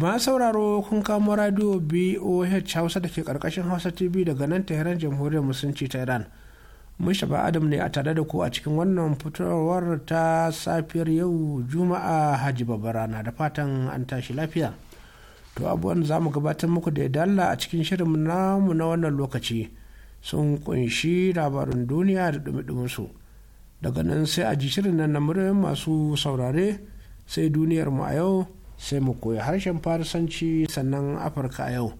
ba sauraro kun kamo radio boh hausa da ke karkashin hausa tv daga nan tehran jamhuriyar musulunci ta iran shaba adam ne a tare da ku a cikin wannan fitowar ta safiyar yau juma'a hajji rana da fatan an tashi lafiya to abubuwan za mu gabatar muku da dalla a cikin shirin namu na wannan lokaci sun kunshi labarin duniya da dumi su daga nan sai a ji shirin nan na masu saurare sai duniyar mu a yau sai mu koyi harshen farisanci sannan afirka yau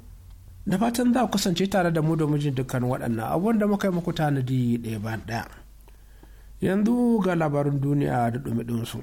da fatan za ku kasance tare da mu da mijin dukkan waɗannan abubuwan da muka yi muku tanadi ɗaya bayan ɗaya yanzu ga labarin duniya da ɗumi ɗinsu.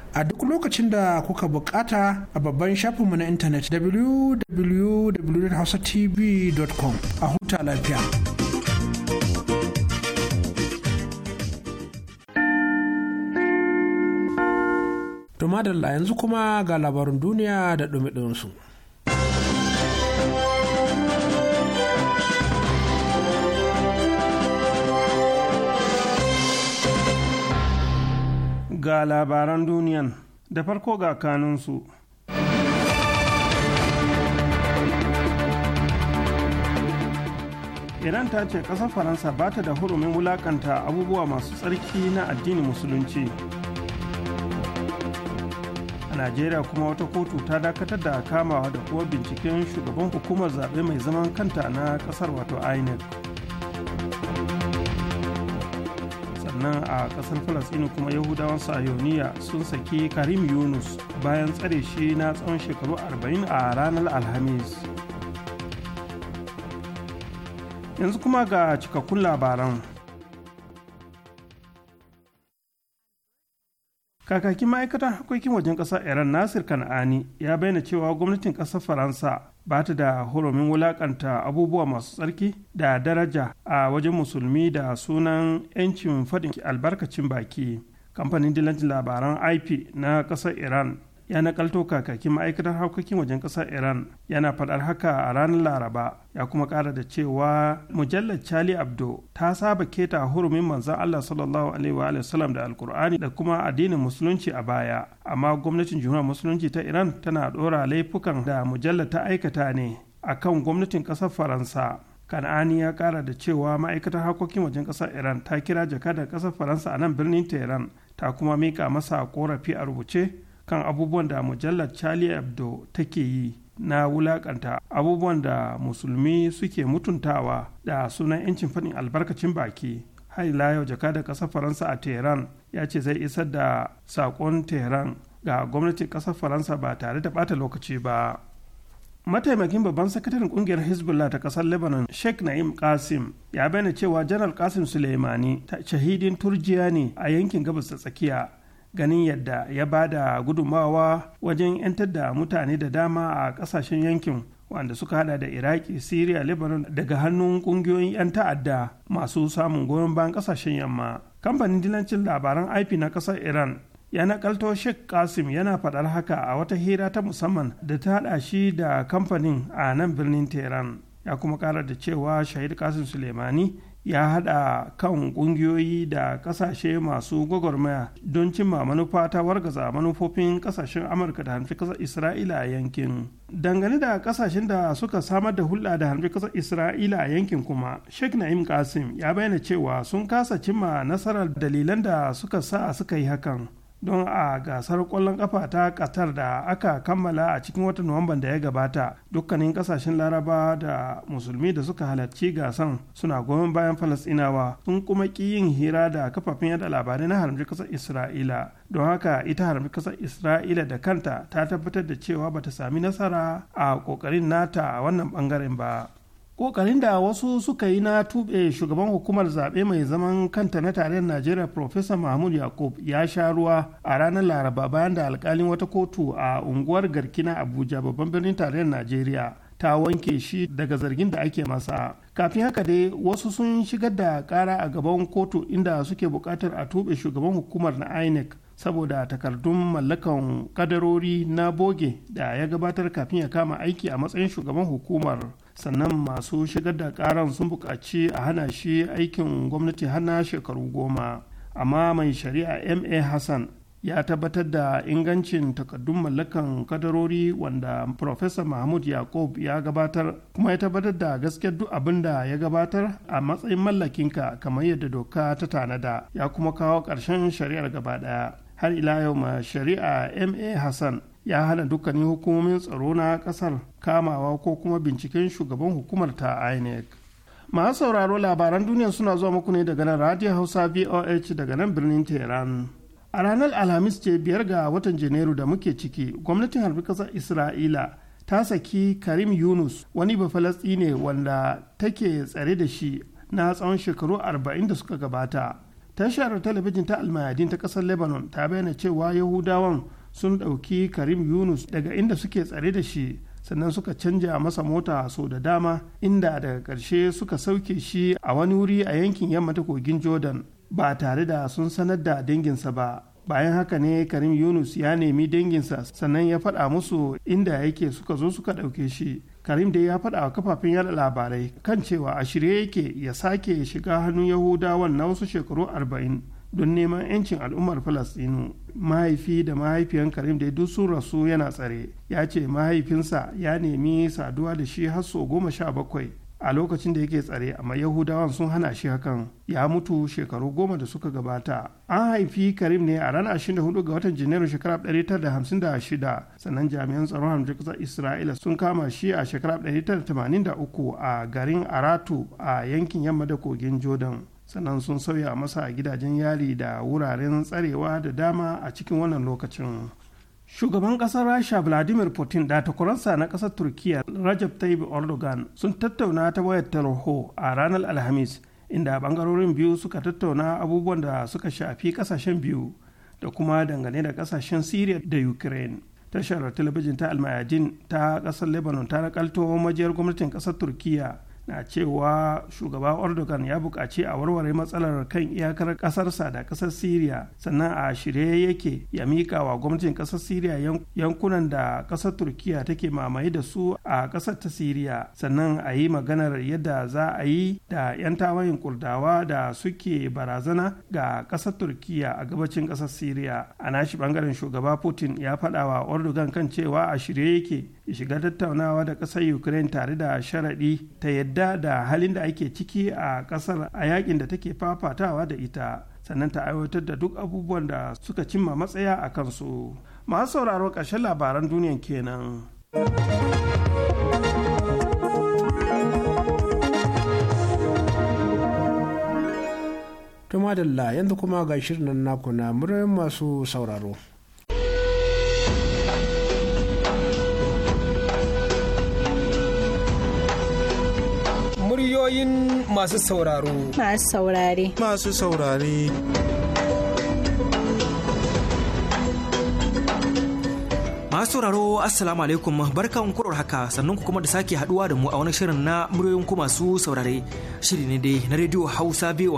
a duk lokacin da kuka bukata a babban shafinmu na intanet www.hausatv.com a huta lafiya. Tumadala yanzu kuma ga labarin duniya da ɗumi ɗinsu ga labaran duniyan da farko ga kanunsu. iran ta ce ƙasar faransa ba ta da hurumin wulakanta abubuwa masu tsarki na addinin musulunci a najeriya kuma wata kotu ta dakatar da kamawa da kuwa binciken shugaban hukumar zaɓe mai zaman kanta na ƙasar wato inec sannan a kasar falasɗinu kuma yahudawan sayoniya sun saki karim yunus bayan tsare shi na tsawon shekaru 40 a ranar alhamis yanzu kuma ga cikakkun labaran kakakin ma'aikatan harkokin wajen ƙasa iran nasir kan'ani ya bayyana cewa gwamnatin ƙasar faransa ba ta da horomin wulaƙanta abubuwa masu tsarki da daraja a wajen musulmi da sunan 'yancin faɗin albarkacin baki kamfanin dilancin labaran ip na ƙasar iran ya nakalto kakakin ma'aikatar harkokin wajen ƙasar iran yana faɗar haka a ranar laraba ya kuma ƙara da cewa mujallar charlie abdo ta saba keta hurumin manzan allah sallallahu alaihi wa sallam da alkur'ani da kuma addinin musulunci a baya amma gwamnatin jihar musulunci ta iran tana ɗora laifukan da mujallar ta aikata ne a kan gwamnatin ƙasar faransa kan'ani ya kara da cewa ma'aikatar harkokin wajen ƙasar iran ta kira jakadar ƙasar faransa a nan birnin tehran ta kuma mika masa korafi a rubuce kan abubuwan da mujallar charlie hebdo take yi na wulakanta abubuwan da musulmi suke mutuntawa da sunan 'yancin faɗin albarkacin baki har ila yau jaka da ƙasar faransa a tehran ya ce zai isar da saƙon tehran ga gwamnati ƙasar faransa ba tare da ɓata lokaci ba mataimakin babban sakataren kungiyar hezbollah ta kasar lebanon sheikh na'im qasim ya bayyana cewa janar qasim suleimani shahidin turjiya ne a yankin gabas ta tsakiya ganin yadda ya ba da gudummawa wajen 'yantar da mutane da dama a ƙasashen yankin wanda suka hada da iraki syria lebanon daga hannun kungiyoyin 'yan ta'adda masu samun goyon bayan kasashen yamma kamfanin dilancin labaran ip na kasar iran ya nakalto sheikh kasim yana faɗar haka a wata hira ta musamman da ta hada shi da kamfanin a nan birnin tehran ya kuma kara da cewa shahid kasim suleimani ya haɗa kan ƙungiyoyi da ƙasashe masu gwagwarmaya don cimma manufa ta wargaza manufofin ƙasashen amurka da hanfi ƙasar isra'ila a yankin dangane da ƙasashen da suka samar da hulɗa da hanfi ƙasar isra'ila a yankin kuma sheikh na'im kasim ya bayyana cewa sun kasa cimma nasarar dalilan da suka sa suka yi hakan don a gasar kwallon kafa ta katar da aka kammala a cikin watan nuwamban da ya gabata dukkanin kasashen laraba da musulmi da suka halarci gasan suna goyon bayan falasinawa sun kuma ki yin hira da kafafen yada labarai na haramci kasar isra'ila don haka ita haramci kasar isra'ila da kanta ta tabbatar da cewa bata sami nasara a kokarin nata a wannan bangaren ba kokarin da wasu suka yi na tuɓe shugaban hukumar zaɓe mai zaman kanta na tarayyar najeriya profesa mahmud yakub ya sha ruwa a ranar laraba bayan da alkalin wata kotu a unguwar garkina abuja babban birnin tarayyar najeriya ta wanke shi daga zargin da ake masa kafin haka dai wasu sun shigar da kara a gaban kotu inda suke buƙatar a tuɓe shugaban hukumar na inec saboda takardun mallakan kadarori na boge da ya gabatar kafin ya kama aiki a matsayin shugaban hukumar sannan masu shigar da karan sun buƙaci a hana shi aikin gwamnati hana shekaru goma amma mai shari'a ma hassan ya tabbatar da ingancin takardun mallakan kadarori wanda Profesa Mahmud Yakub ya gabatar kuma ya tabbatar da gaskiyar duk abin da ya gabatar a matsayin mallakinka kamar yadda doka ta tanada ya kuma kawo ƙarshen shari'ar gaba ɗaya. har ila yau ma shari'a ma hassan ya hana dukkanin hukumomin tsaro na kasar kamawa ko kuma binciken shugaban hukumar ta inec masu sauraro labaran duniya suna zuwa muku ne daga nan radio hausa voh daga nan birnin tehran a ranar alhamis ce biyar ga watan janairu da muke ciki gwamnatin harbi kasar isra'ila ta saki karim yunus wani bafalasti ne wanda take tsare da shi na tsawon shekaru arba'in da suka gabata tashar talabijin ta almayadin ta kasar lebanon ta bayyana cewa yahudawan sun ɗauki karim yunus daga inda suke tsare da shi sannan suka canja masa mota sau da dama inda daga ƙarshe suka sauke shi a wani wuri a yankin yamma ta kogin jordan ba tare da sun sanar da danginsa ba bayan haka ne karim yunus ya nemi danginsa sannan ya faɗa musu inda yake suka zo suka ɗauke shi karim dai ya faɗa a kafafen yada labarai kan cewa a shirye yake ya sake shiga hannun yahudawan na wasu shekaru arba'in don neman 'yancin al'ummar falastinu mahaifi da mahaifiyan karim da duk sun rasu yana tsare ya ce mahaifinsa ya nemi saduwa da shi har sau goma sha bakwai a lokacin da yake tsare amma yahudawan sun hana shi hakan ya mutu shekaru goma da suka gabata an haifi karim ne a ranar 24 ga watan janairu shekara 1956 sannan jami'an tsaron hamdu kasar isra'ila sun kama shi a shekara 1983 a garin aratu a yankin yamma da kogin jordan sannan sun sauya masa a gidajen yari da wuraren tsarewa da dama a cikin wannan lokacin shugaban kasar rasha vladimir putin da takwaransa na kasar turkiya rajab tayyip erdogan sun tattauna ta wayar tarho a ranar alhamis inda bangarorin biyu suka tattauna abubuwan da suka shafi kasashen biyu da kuma dangane da kasashen syria da ukraine tashar talabijin ta almayadin ta kasar lebanon ta nakalto majiyar gwamnatin kasar turkiya na cewa shugaba Erdogan ya buƙaci a warware matsalar kan iyakar ƙasarsa da ƙasar Siriya sannan a shirye yake ya mika wa gwamnatin ƙasar Siriya yankunan da ƙasar Turkiya take mamaye da su a ƙasar ta Siriya sannan a yi maganar yadda za a yi da 'yan tawayin Kurdawa da suke barazana ga ƙasar Turkiya a gabacin ƙasar Siriya a nashi bangaren shugaba Putin ya faɗa wa Erdogan kan cewa a shirye yake ya shiga tattaunawa da ƙasar Ukraine tare da sharaɗi ta yadda yadda da halin da ake ciki a kasar a yakin da take fafatawa da ita sannan ta aiwatar da duk abubuwan da suka cimma matsaya a kansu masu sauraro ƙarshen labaran duniyan kenan. Tumadalla yanzu kuma ga shirin nan naku na muryoyin masu sauraro. Muryoyin masu sauraro. Masu saurare. Masu saurare. masu sauraro assalamu alaikum barkan kurar haka sannan ku kuma da sake haduwa da mu a wani shirin na muryoyin ku masu saurare shiri ne dai na rediyo hausa boh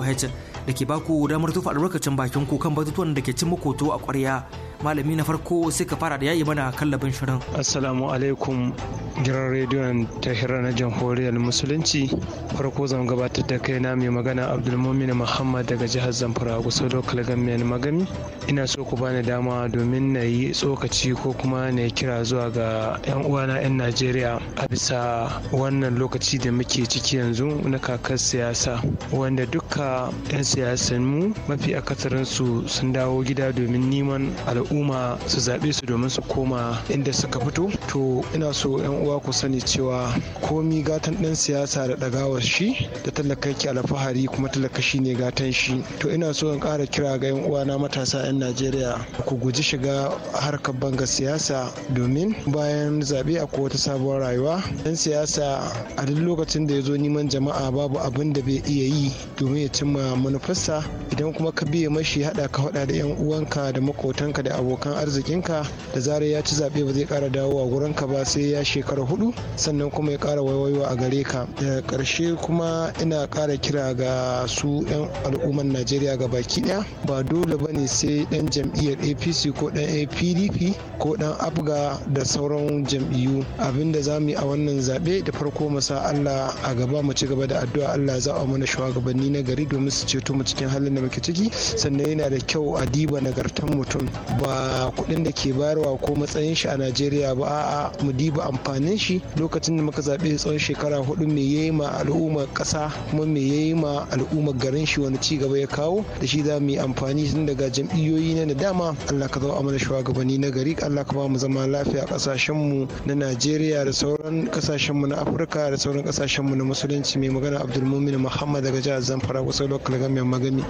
da ke baku damar tufa albarkacin bakin ku kan batutuwan da ke cin makoto a kwarya malami na farko sai ka fara da yayi mana kallabin shirin assalamu alaikum giran rediyon tahira na jamhuriyar musulunci farko zan gabatar da kaina mai magana abdulmumin muhammad daga jihar zamfara kusa lokal gamiyan magami ina so ku bani dama domin na yi tsokaci ko kuma na kira zuwa ga yan uwana yan najeriya a bisa wannan lokaci da muke ciki yanzu na kakar siyasa wanda dukka yan siyasan mu mafi akasarinsu sun dawo gida domin neman al'umma al'umma su zaɓe su domin su koma inda suka fito to ina so yan uwa ku sani cewa komi gatan ɗan siyasa da ɗagawar shi da talakaki alfahari kuma talaka shi ne gatan shi to ina so in ƙara kira ga yan uwa na matasa yan najeriya ku guji shiga harkar banga siyasa domin bayan zaɓe akwai wata sabuwar rayuwa ɗan siyasa a duk lokacin da ya zo neman jama'a babu abin da bai iya yi domin ya cimma manufarsa idan kuma ka biye mashi haɗa ka haɗa da yan uwanka da makotanka da abokan arzikinka da zarar ya ci zaɓe ba zai ƙara dawowa ka ba sai ya shekara hudu sannan kuma ya ƙara waiwaiwa a gare ka daga ƙarshe kuma ina ƙara kira ga su 'yan al'ummar najeriya ga baki ɗaya ba dole ba ne sai ɗan jam'iyyar apc ko ɗan apdp ko ɗan abga da sauran jam'iyyu abinda za mu yi a wannan zaɓe da farko mu sa allah a gaba mu ci gaba da addu'a allah za a mana shugabanni na gari domin su ceto mu cikin halin da muke ciki sannan yana da kyau a diba nagartan mutum ba kuɗin da ke bayarwa ko matsayin shi a najeriya ba a mu diba amfanin shi lokacin da muka zaɓe tsawon shekara hudu me yayi ma al'ummar ƙasa kuma me yayi ma al'ummar garin shi wani ci gaba ya kawo da shi za mu yi amfani tun daga jam'iyyoyi na da dama allah ka zama amana shugabanni na gari allah ka ba mu zama lafiya kasashen mu na najeriya da sauran kasashen mu na afirka da sauran kasashen mu na musulunci mai magana abdul Mumin muhammad daga jihar zamfara kusa lokal gamiyar magani.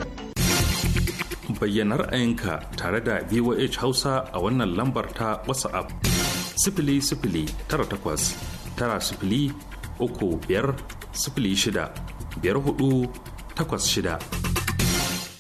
bayyana ra'ayinka tare da voh hausa a wannan lambar ta whatsapp sifili sifili tara takwas tara sifili uku biyar sifili shida biyar hudu takwas shida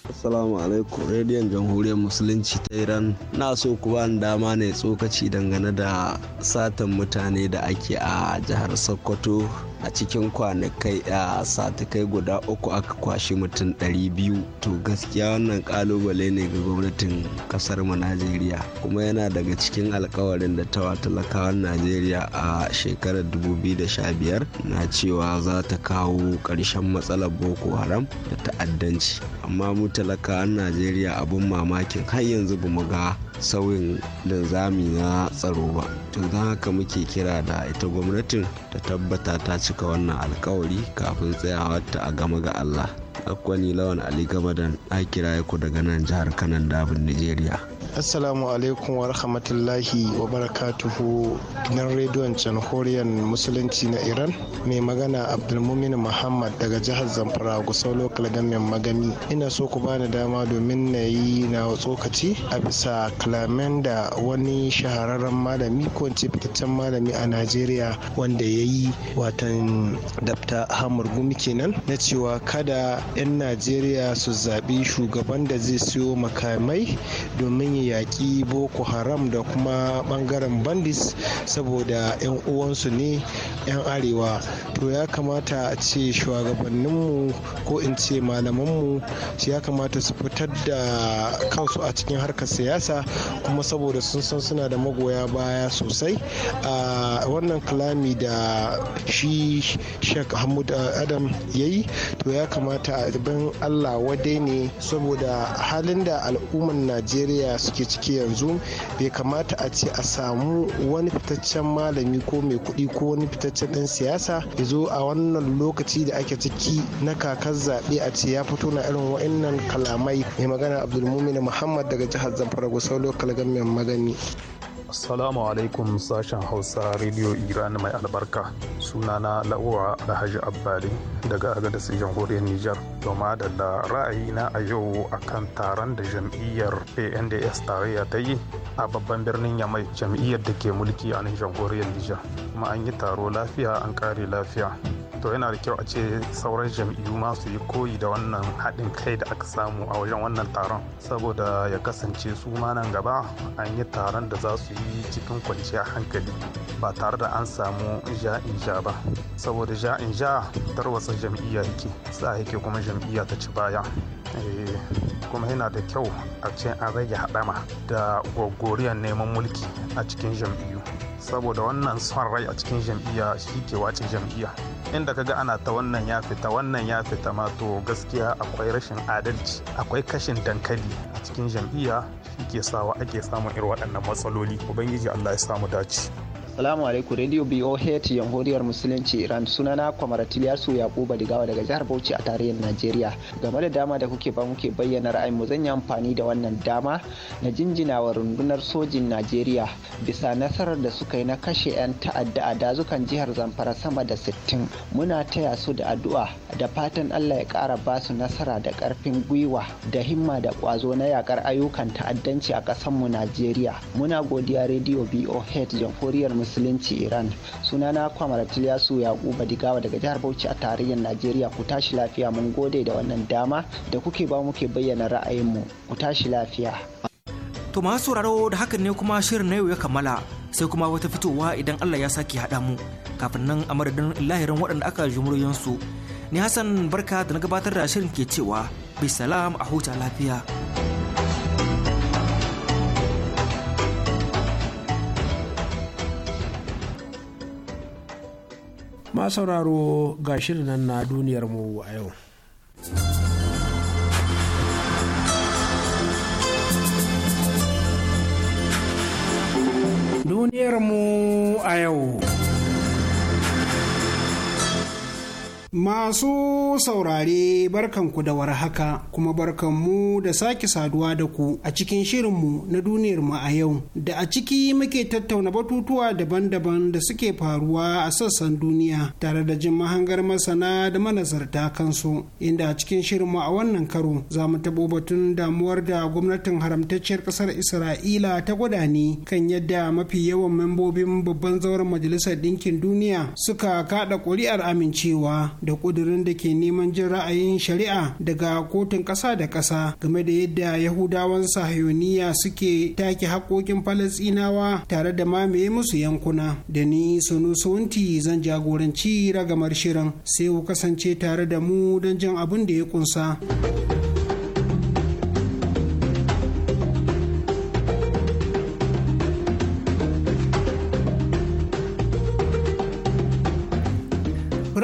Assalamu alaikum rediyon jamhuriyar musulunci ta Iran na so ku bani dama ne tsokaci dangane da satan mutane da ake a jihar Sokoto a cikin kwanakai a satikai guda uku aka kwashe mutum ɗari biyu to gaskiya wannan kalubale ne ga gwamnatin kasar mu najeriya kuma yana daga cikin alkawarin da ta wa talakawan najeriya a shekarar 2015 na cewa za ta kawo ƙarshen matsalar boko haram da ta'addanci amma mu talakawan najeriya abin mamakin har yanzu bamu ga sauyin linzami na tsaro ba to don haka muke kira da ita gwamnatin ta tabbata ta ci cika wannan alkawari kafin tsayawarta a gama ga Allah. Akwani Lawan Ali Gamadan, a kiraye ku daga nan jihar Kanan Dabin Nijeriya. assalamu alaikum wa rahmatullahi wa barakatuhu gidan rediyon jamhuriyar musulunci na iran mai magana abdulmumin muhammad daga jihar zamfara gusau local government magani ina so ku bani dama domin na yi na tsokaci a bisa kalamin da wani shahararren malami ko ce fitaccen malami a nigeria wanda ya yi watan dafta hamur gumi kenan na cewa kada 'yan najeriya su zaɓi shugaban da zai siyo makamai domin yaƙi boko haram da kuma ɓangaren bandits saboda 'yan uwansu ne 'yan arewa to ya kamata a ce shugabanninmu ko in ce malamanmu ya kamata su fitar da kansu a cikin harkar siyasa kuma saboda sun san suna da magoya baya sosai a wannan kalami da shi sheikh hamud adam ya yi to ya kamata a allah wadai ne saboda halin da al'ummar najeriya su ake ciki yanzu bai kamata a ce a samu wani fitaccen malami ko mai kuɗi ko wani fitaccen ɗan siyasa ya zo a wannan lokaci da ake ciki na kakar zaɓe a ce ya fito na irin waɗannan kalamai mai magana abdulmumin muhammad daga jihar zamfara gusau lokal gamin magani Assalamu alaikum sashen Hausa Radio Iran mai albarka. Sunana La'uwa Alhaji Abbali daga Agadas Jamhuriyar Nijar. Doma da ra'ayina a yau a kan taron da jam'iyyar ANDS tarayya ta yi a babban birnin Yamai jam'iyyar da ke mulki a nan Jamhuriyar Nijar. Kuma an yi taro lafiya an kare lafiya. to yana da kyau a ce sauran jam'iyyu ma su yi koyi da wannan haɗin kai da aka samu a wajen wannan taron saboda ya kasance su ma nan gaba an yi taron da za su yi cikin kwanciyar hankali ba tare da an samu ja'in ja ba saboda ja'in ja tarwatsa jam'iyya yake sa yake kuma jam'iyya ta ci baya eh, kuma yana da kyau a ce an rage haɗama da gogoriyar neman mulki a cikin jam'iyyu saboda wannan son rai a cikin jam'iyya shi ke wace jam'iyya inda ka ga ana ta wannan ya fita wannan ya fita ma to gaskiya akwai rashin adalci akwai kashin dankali a cikin jam'iyya shi ke sawa ake samun irin waɗannan matsaloli ubangiji allah ya samu dace Assalamu alaikum Radio BOH Jamhuriyar Musulunci Iran sunana Kwamaratil Yasu Yakuba gawa daga jihar Bauchi a tarihin Najeriya. Game da dama da kuke ba muke bayyana ra'ayin mu zan yi amfani da wannan dama na jinjina wa rundunar sojin Najeriya bisa nasarar da suka yi na kashe 'yan ta'adda a dazukan jihar Zamfara sama da sittin, Muna taya su da addu'a da fatan Allah ya ƙara basu nasara da karfin gwiwa da himma da ƙwazo na yakar ayyukan ta'addanci a ƙasar mu Najeriya. Muna godiya Radio BOH Jamhuriyar musulunci iran sunana kwamar tiliyasu yakuba digawa daga jihar bauchi a tarayyar najeriya ku tashi lafiya mun gode da wannan dama da kuke ba muke bayyana ra'ayinmu ku tashi lafiya to masu sauraro da hakan ne kuma shirin na yau ya kammala sai kuma wata fitowa idan allah ya sake haɗa mu kafin nan a madadin lahirin waɗanda aka jumuriyansu ni hassan barka da na gabatar da shirin ke cewa bisalam a huta lafiya ma sauraro ga shirin nan na duniyarmu a yau. duniyar mu a yau. Masu saurare barkanku da haka, kuma barkanmu da sake saduwa da ku a cikin shirinmu na duniyar mu a yau da a ciki muke tattauna batutuwa daban-daban da suke faruwa a sassan duniya tare da jin mahangar masana da manazarta kansu inda a cikin shirinmu a wannan karo za mu tabo batun damuwar da gwamnatin haramtacciyar ƙasar Isra'ila ta gwada ne kan yadda mafi yawan membobin babban zauren majalisar ɗinkin duniya suka kaɗa ƙuri'ar amincewa da ƙudurin da ke neman jin ra'ayin shari'a daga kotun ƙasa da ƙasa game da yadda yahudawan sahiyoniya suke take haƙoƙin falasinawa tare da mamaye musu yankuna da ni sunu sunti zan jagoranci ragamar shirin sai ku kasance tare da mu don jin abin da ya ƙunsa.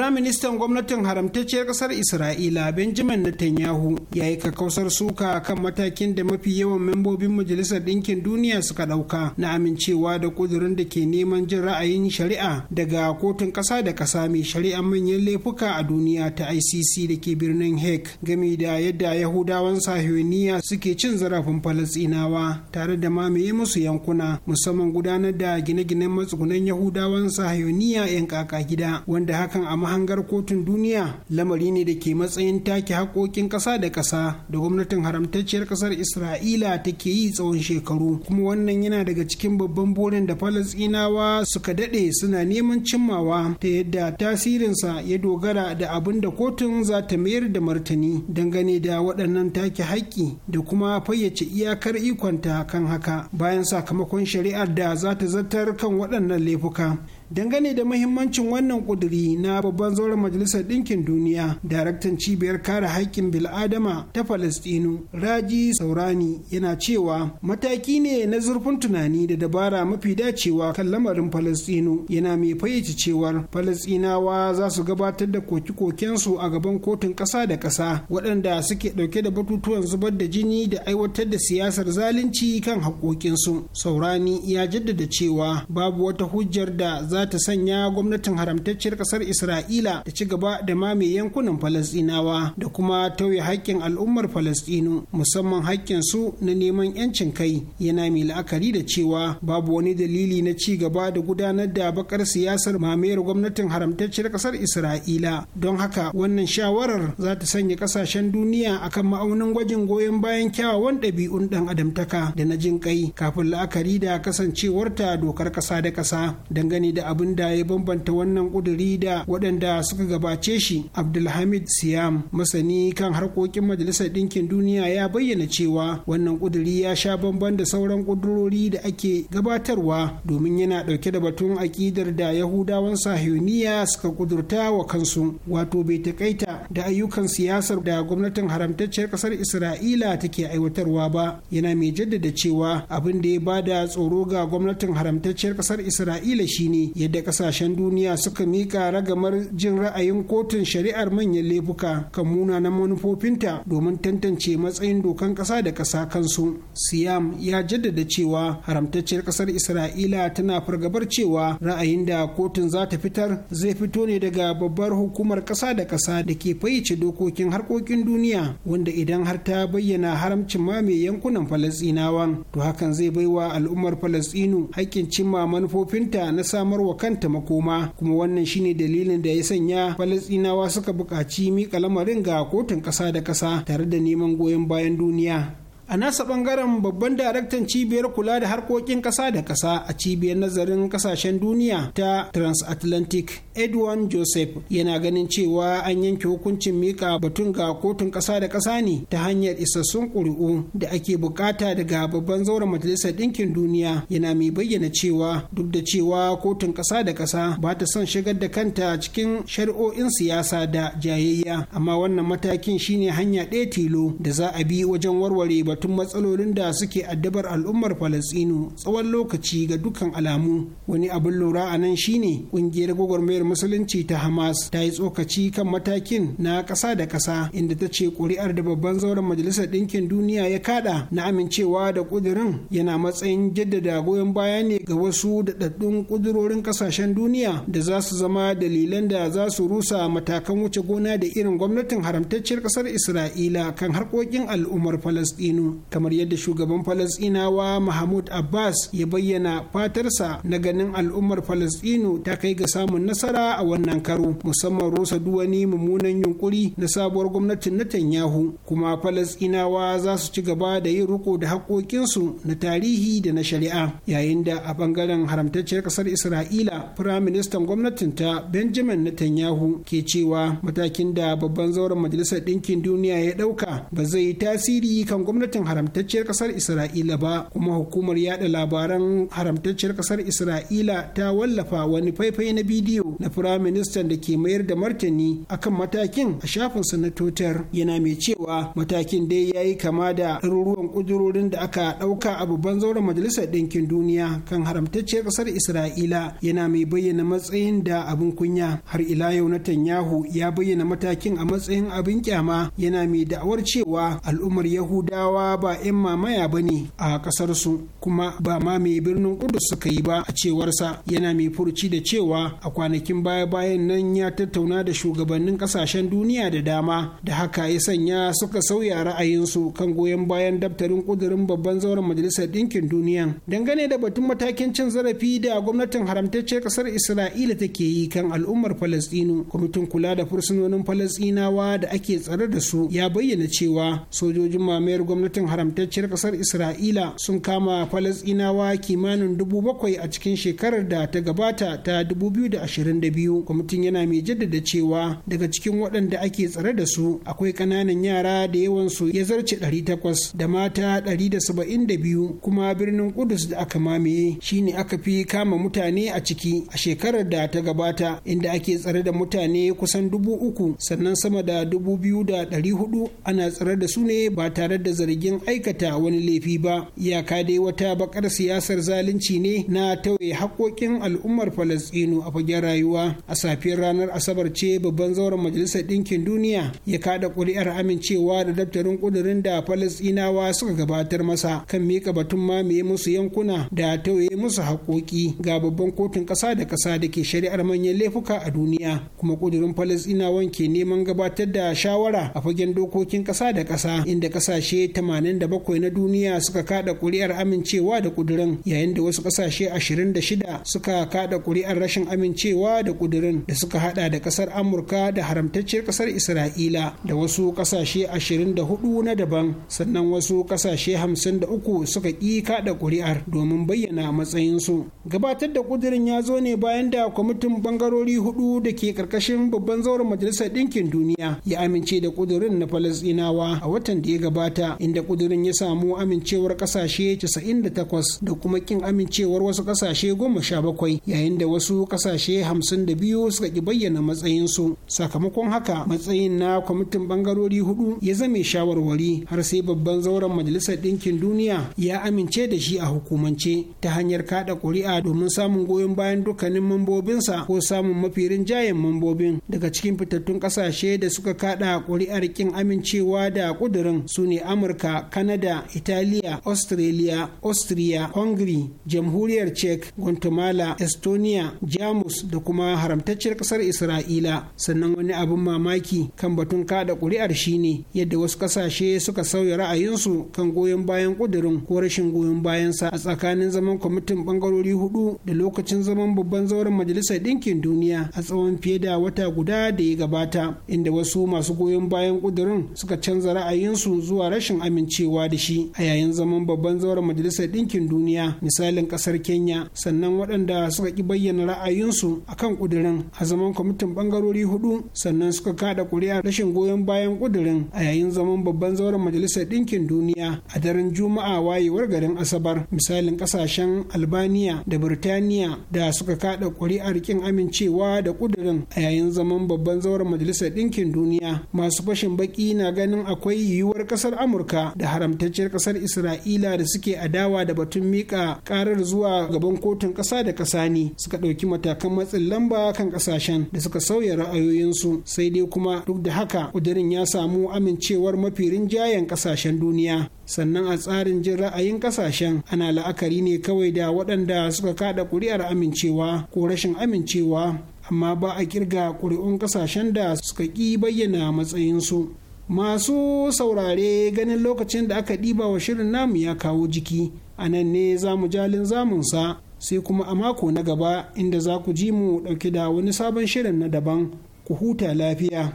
Firaministan gwamnatin haramtacciyar ƙasar Isra'ila Benjamin Netanyahu ya yi kakausar suka kan matakin da mafi yawan membobin Majalisar Ɗinkin Duniya suka ɗauka na amincewa da ƙudurin da ke neman jin ra'ayin shari'a daga kotun ƙasa da ƙasa mai shari'ar manyan laifuka a duniya ta ICC da ke birnin hek game da yadda Yahudawan Sahiyoniya suke cin zarafin Falasɗinawa tare da mamaye musu yankuna musamman gudanar da gine-ginen matsugunan Yahudawan Sahiyoniya 'yan kaka gida wanda hakan a mahangar kotun duniya lamari ne da ke matsayin take haƙoƙin ƙasa da ƙasa da gwamnatin haramtacciyar ƙasar isra'ila take yi tsawon shekaru kuma wannan yana daga cikin babban burin da falasɗinawa suka daɗe suna neman cimmawa ta yadda tasirinsa ya dogara da abin da kotun za ta mayar da martani dangane da waɗannan take haƙƙi da kuma fayyace iyakar ikonta kan haka bayan sakamakon shari'ar da za ta zartar kan waɗannan laifuka dangane da mahimmancin wannan kuduri na babban zauren majalisar ɗinkin duniya daraktan cibiyar kare haƙƙin bil'adama ta falastinu raji saurani yana cewa mataki ne na zurfin tunani da dabara mafi dacewa kan lamarin falastinu yana mai fayyace cewar falastinawa za su gabatar da koke-kokensu a gaban kotun ƙasa da ƙasa waɗanda suke ɗauke da batutuwan zubar da jini da aiwatar da siyasar zalunci kan haƙoƙinsu saurani ya jaddada cewa babu wata hujjar da za za ta sanya gwamnatin haramtacciyar kasar isra'ila ta ci gaba da mame yankunan falasɗinawa da kuma tauye haƙƙin al'ummar falasɗinu musamman haƙƙin su na neman yancin kai yana mai la'akari da cewa babu wani dalili na ci gaba da gudanar da bakar siyasar mamayar gwamnatin haramtacciyar kasar isra'ila don haka wannan shawarar za ta sanya kasashen duniya akan ma'aunin gwajin goyon bayan kyawawan ɗabi'un ɗan adamtaka da na jin kai kafin la'akari da kasancewarta dokar ƙasa da ƙasa dangane da abin da ya bambanta wannan ƙuduri da waɗanda suka gabace shi abdulhamid siyam masani kan harkokin majalisar ɗinkin duniya ya bayyana cewa wannan ƙuduri ya sha bamban da sauran ƙudurori da ake gabatarwa domin yana ɗauke da batun aƙidar da yahudawan sahiyoniya suka kudurta wa kansu wato bai taƙaita da ayyukan siyasar da gwamnatin haramtacciyar ƙasar isra'ila take aiwatarwa ba yana mai jaddada cewa abin da ya bada tsoro ga gwamnatin haramtacciyar ƙasar isra'ila shine yadda kasashen duniya suka mika ragamar jin ra'ayin kotun shari'ar manyan laifuka kan munanan manufofinta domin tantance matsayin dokan ƙasa da ƙasa kansu siyam ya jaddada cewa haramtacciyar ƙasar isra'ila tana fargabar cewa ra'ayin da kotun za ta fitar zai fito ne daga babbar hukumar ƙasa da ƙasa da ke fayyace dokokin harkokin duniya wanda idan har ta bayyana haramcin ma mai yankunan falasɗinawa to hakan zai baiwa al'ummar falasɗinu haƙƙin cimma manufofinta na samarwa wa kanta makoma kuma wannan shine dalilin da ya sanya falasinawa suka buƙaci miƙa lamarin ga kotun ƙasa da ƙasa tare da neman goyon bayan duniya a nasa bangaren babban daraktan cibiyar kula da harkokin kasa da kasa a cibiyar nazarin kasashen duniya ta transatlantic edwin joseph yana ganin cewa an yanke hukuncin mika batun ga kotun kasa da kasa ne ta hanyar isassun ƙuri'u da ake bukata daga babban zauren majalisar ɗinkin duniya yana mai bayyana cewa duk da cewa kotun kasa da kasa ba ta son shigar da kanta cikin shari'o'in siyasa da jayayya amma wannan matakin shine hanya ɗaya tilo da za a bi wajen warware batun batun matsalolin da suke addabar al'ummar Falasɗinu tsawon lokaci ga dukkan alamu. Wani abin lura a nan shine kungiyar gwagwarmayar musulunci ta Hamas ta yi tsokaci kan matakin na ƙasa da ƙasa inda ta ce ƙuri'ar da babban zauren majalisar ɗinkin duniya ya kada na amincewa da ƙudurin yana matsayin jaddada goyon baya ne ga wasu daɗaɗɗun ƙudurorin ƙasashen duniya da za su zama dalilan da za su rusa matakan wuce gona da irin gwamnatin haramtacciyar ƙasar Isra'ila kan harkokin al'ummar Falasɗinu. kamar yadda shugaban falasɗinawa mahmud abbas ya bayyana fatarsa na ganin al'ummar falasɗinu ta kai ga samun nasara a wannan karo musamman rusa duwani mummunan yunkuri na sabuwar gwamnatin netanyahu kuma falasɗinawa za su ci gaba da yin riko da haƙoƙinsu na tarihi da na shari'a yayin da a bangaren haramtacciyar ƙasar isra'ila firaministan gwamnatin ta benjamin netanyahu ke cewa matakin da babban zauren majalisar ɗinkin duniya ya ɗauka ba zai yi tasiri kan gwamnatin gwamnatin haramtacciyar kasar isra'ila ba kuma hukumar yada labaran haramtacciyar kasar isra'ila ta wallafa wani faifai na bidiyo na firaministan da ke mayar da martani akan matakin a shafin na twitter yana mai cewa matakin dai ya yi kama da ɗaruruwan ƙudurorin da aka ɗauka a babban zauren majalisar ɗinkin duniya kan haramtacciyar kasar isra'ila yana mai bayyana matsayin da abin kunya har ila yau netanyahu ya bayyana matakin a matsayin abin kyama yana mai da'awar cewa al'ummar yahudawa Iraniyawa ba 'yan mamaya ba ne a ƙasarsu kuma ba ma mai birnin Kudus suka yi ba a cewarsa yana mai furuci da cewa a kwanakin baya-bayan nan ya tattauna da shugabannin ƙasashen duniya da dama da haka ya sanya suka sauya ra'ayinsu kan goyon bayan daftarin ƙudurin babban zauren majalisar ɗinkin duniya dangane da batun matakin cin zarafi da gwamnatin haramtacce ƙasar Isra'ila take yi kan al'ummar Falasɗinu kwamitin kula da fursunonin Falasɗinawa da ake tsare da su ya bayyana cewa sojojin mamayar gwamnati gwamnatin haramtacciyar kasar isra'ila sun kama falasɗinawa kimanin dubu bakwai a cikin shekarar da ta gabata ta 2022 kwamitin yana mai jaddada cewa daga cikin waɗanda ake tsare da su akwai ƙananan yara da yawansu ya zarce 800 da mata ɗari da 172 kuma birnin kudus da aka mamaye shine aka fi kama mutane a ciki a shekarar da ta gabata inda ake tsare da mutane kusan dubu uku sannan sama da dubu biyu da ɗari hudu ana tsare da su ne ba tare da zargi zargin aikata wani laifi ba iyaka dai wata bakar siyasar zalunci ne na tauye haƙoƙin al'ummar falastinu a fagen rayuwa a safiyar ranar asabar ce babban zauren majalisar ɗinkin duniya ya kada ƙuri'ar amincewa da daftarin ƙudurin da falastinawa suka gabatar masa kan miƙa batun mamaye musu yankuna da tauye musu haƙoƙi ga babban kotun ƙasa da ƙasa da ke shari'ar manyan laifuka a duniya kuma ƙudurin falastinawan ke neman gabatar da shawara a fagen dokokin ƙasa da ƙasa inda ƙasashe 87 na duniya suka kada kuri'ar amincewa da ƙudirin yayin da wasu kasashe 26 suka kada kuri'ar rashin amincewa da kudurin da suka hada da kasar amurka da haramtacciyar kasar isra'ila da wasu kasashe 24 na daban sannan wasu kasashe 53 suka ƙi kada kuri'ar domin bayyana matsayinsu gabatar da kudurin ya zo ne bayan da kwamitin bangarori hudu da ke karkashin babban zauren majalisar ɗinkin duniya ya amince da kudurin na falasɗinawa a watan da ya gabata inda da kudirin ya samu amincewar kasashe 98 da kuma kin amincewar wasu kasashe 17 yayin da wasu kasashe 52 suka ki bayyana matsayinsu sakamakon haka matsayin na kwamitin bangarori hudu ya zame shawarwari har sai babban zauren majalisar ɗinkin duniya ya amince da shi a hukumance ta hanyar kada ƙuri'a domin samun goyon bayan dukkanin mambobinsa ko samun mafirin rinjayen mambobin daga cikin fitattun kasashe da suka kada ƙuri'ar kin amincewa da kudirin su ne amurka amurka kanada italiya australia austria hungary jamhuriyar czech guatemala estonia jamus da kuma haramtacciyar ƙasar isra'ila sannan wani abin mamaki kan batun kada kuri'ar shine yadda wasu ƙasashe suka sauya ra'ayinsu kan goyon bayan ƙudurin ko rashin goyon bayansa a tsakanin zaman kwamitin bangarori hudu da lokacin zaman babban zauren majalisar ɗinkin duniya a tsawon fiye da wata guda da ya gabata inda wasu masu goyon bayan ƙudurin suka canza ra'ayinsu zuwa rashin amin amincewa da shi a yayin zaman babban zauren majalisar ɗinkin duniya misalin ƙasar kenya sannan waɗanda suka ki bayyana ra'ayinsu a kan ƙudurin a zaman kwamitin ɓangarori hudu sannan suka kada ƙuri'a rashin goyon bayan ƙudurin a yayin zaman babban zauren majalisar ɗinkin duniya a daren juma'a wayewar garin asabar misalin ƙasashen albaniya da birtaniya da suka kada ƙuri'ar kin amincewa da ƙudurin a yayin zaman babban zauren majalisar ɗinkin duniya masu fashin baƙi na ganin akwai yiwuwar ƙasar amurka da haramtacciyar kasar isra'ila da suke adawa da batun mika karar zuwa gaban kotun kasa da kasa ne suka ɗauki matakan matsin lamba kan kasashen da suka sauya ra'ayoyinsu sai dai kuma duk da haka ƙudurin ya samu amincewar mafi rinjayen kasashen duniya sannan a tsarin jin ra'ayin kasashen ana la'akari ne kawai da waɗanda suka kada ƙuri'ar amincewa ko rashin amincewa amma ba a kirga ƙuri'un kasashen da suka ƙi bayyana matsayinsu masu saurare ganin lokacin da aka ɗiba wa shirin namu ya kawo jiki a nan ne za mu jalin zamunsa sai kuma a mako na gaba inda za ku ji mu ɗauki da wani sabon shirin na daban ku huta lafiya.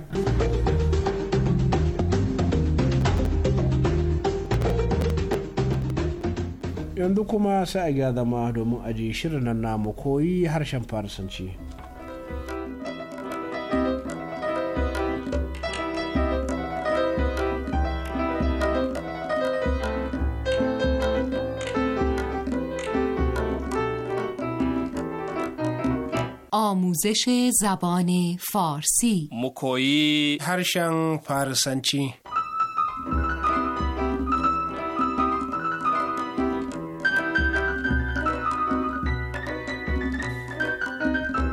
yanzu kuma sai a gyara zama domin aji shirin nan namu koyi harshen farisanci. آموزش زبان فارسی mukoyi harshen فارسنچی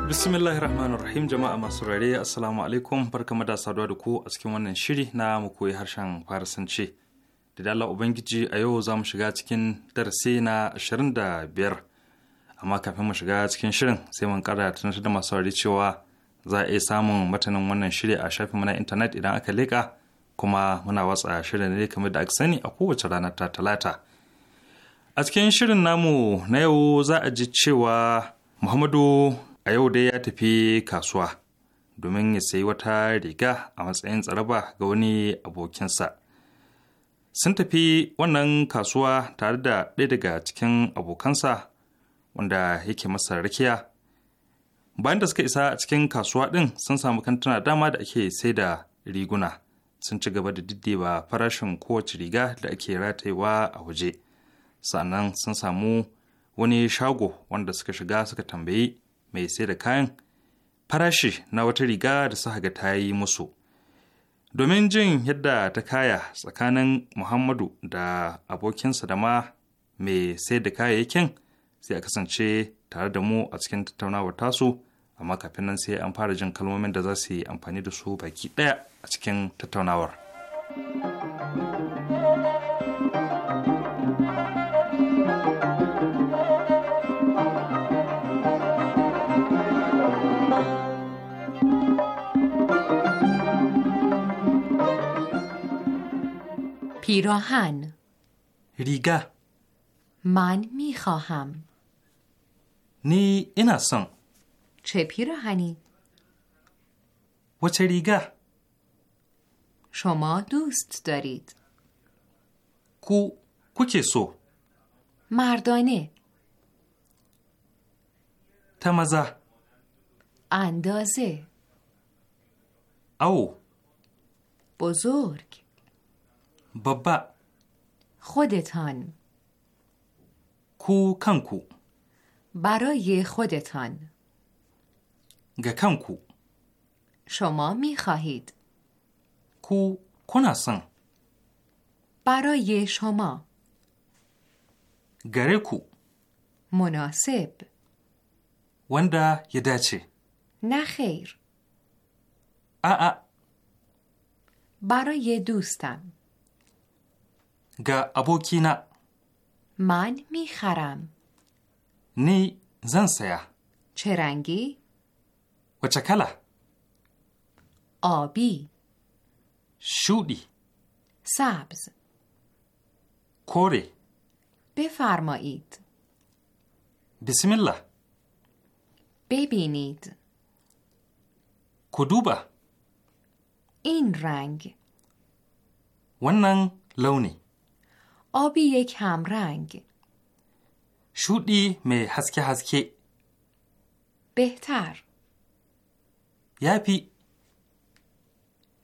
bismillahi rahmanir rahim jama'a masu rare asalamu alaikum barka da saduwa da ku a cikin wannan shiri na mu koyi harshen farisanci da dala ubangiji a yau za mu shiga cikin darasi na ashirin da biyar. amma kafin mu shiga cikin shirin sai mun kara tunatar da masu saurari cewa za a iya samun matanin wannan shiri a shafin mu na intanet idan aka leka kuma muna watsa shirin ne kamar da aka sani a kowace rana ta talata a cikin shirin namu na yau za a ji cewa muhammadu a yau dai ya tafi kasuwa domin ya sayi wata riga a matsayin tsaraba ga wani abokinsa sun tafi wannan kasuwa tare da ɗaya daga cikin abokansa wanda yake masa rakiya bayan da suka isa a cikin kasuwa ɗin sun samu kantuna dama da ake sai da riguna sun ci gaba da diddiba farashin kowace riga da ake ratayewa a waje sannan sun samu wani shago wanda suka shiga suka tambayi mai sai da kayan farashi na wata riga da suka ga ta yi musu domin jin yadda ta kaya tsakanin muhammadu da abokinsa da ma mai sai da kayayyakin sai a kasance tare da mu a cikin tattaunawar tasu amma kafin nan sai an fara jin kalmomin da za su yi amfani da su baki ɗaya a cikin tattaunawar. پیراهن ریگا من میخواهم نی اینا سن چه پیراهنی؟ وچه ریگه؟ شما دوست دارید کو کوچه سو مردانه تمزه اندازه او بزرگ بابا خودتان کو کنکو برای خودتان گکانکو شما می خواهید کو کناسن برای شما گرکو مناسب وندا یداچه نه خیر آ برای دوستم گا ابوکینا من میخرم نی زن چه رنگی؟ و آبی شودی سبز کوری بفرمایید بسم الله ببینید کدوبه این رنگ ونن لونی آبی یک هم رنگ. شودی می هزکه هزکه بهتر یپی